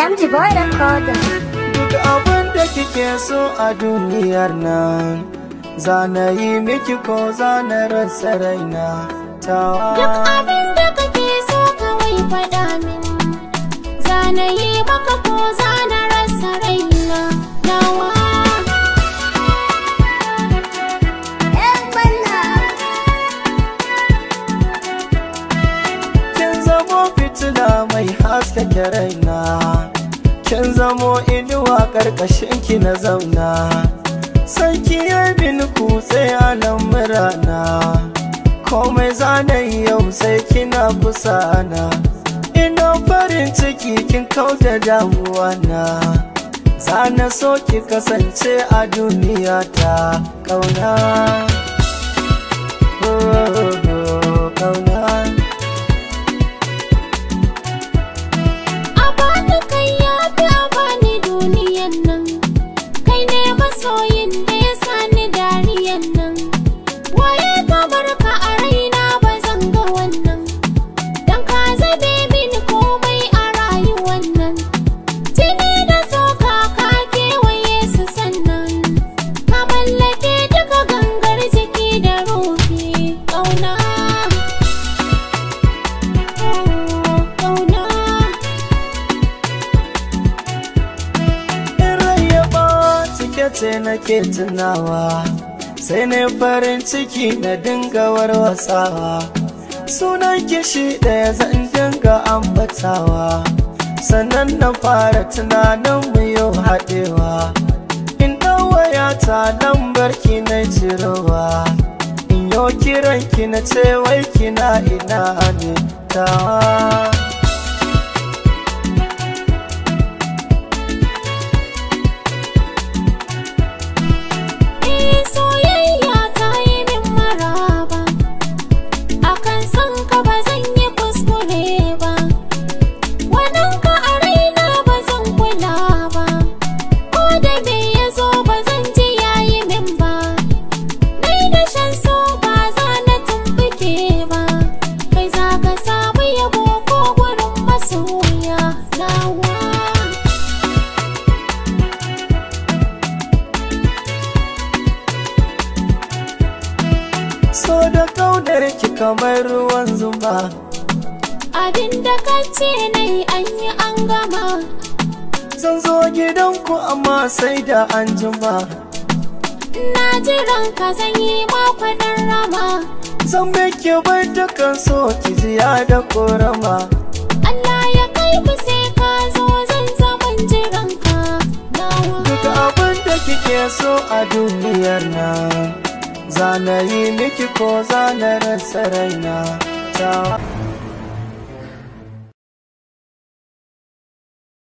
MG Boy Recorder. Duk abin da kike so a duniyar nan, zana yi miki ko zana rasa raina. Duk abin tuna mai da raina kin zamo inuwa ki na zauna sarki ya bin kutse a lamurana komai zanen yau sai kina kusa na ina farin ciki kin kauta damuwa na zana so ki kasance a duniya ta ƙauna. ce nake tunawa sai ne farin ciki na dinga wasawa sunan kishi ɗaya zan dinga ambatawa sannan na fara tunanin mu yau haɗewa in ɗawaya ta lambar ki na jirowa in yau kiran na ce wai kina ina ne ta so da kaudar ki kamar ruwan zuma abin da ka ce nai an yi an gama zan zo gidanku amma sai da an jima na jiran ka zan yi makwadin rama zan ke bai dukan so ki jiya da korama Allah ya kai ku sai ka zo zan zaman jiran ka duka abin da kike so a duniyar nan zanayi miki ko zanar raina ta